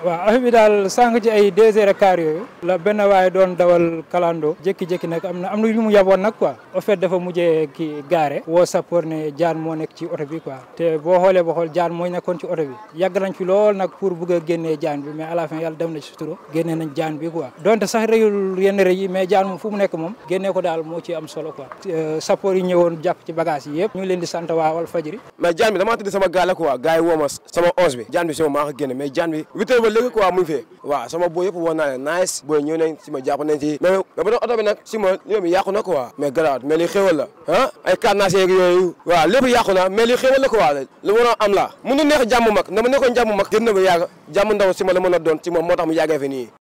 waaw affaire bi daal sànq ci ay deux yooyu. la benn waaye doon dawal kalando. jékki-jékki nag am na am na lu mu yaboon nag quoi. au fait dafa mujjee kii gaare. woo sapeur ne jaan moo nekk ci oto bi quoi. te boo xoolee ba xool jaan moo nekkoon ci oto bi. yàgg nañ fi lool nag pour bëgg a génnee jaan bi mais à la dem na ci sutura. génnee nañ jaan bi quoi. donte sax rëyul yenn yi mais jaan moom fu mu nekk moom. génnee ko daal moo ci am solo quoi. Euh, sapeur yi ñëwoon jàpp ci bagage yi yëpp. ñu leen di sant waa Walfadjri. mais jaan bi damaa tëdd sama gaal la quoi gars yi woo ma sama onze bi jaan bi sama maa ko léegi quoi mu ngi fee waaw sama booy yëpp woo naa leen nice booy ñëw nañ si ma jàpp nañ ci mais oto bi nag si ma ñoom yàqu na quoi mais garaawat mais li xéwal la ah ay carnage yeeg yooyu waaw lépp yàqu na mais li xéwal la quoi lu waroon am la mënu neex jàmm mag na ma nekkoon jàmm ma gën na ma yàgg jàmm ndaw si ma la mën a doon si moom moo tax mu yàggee fi nii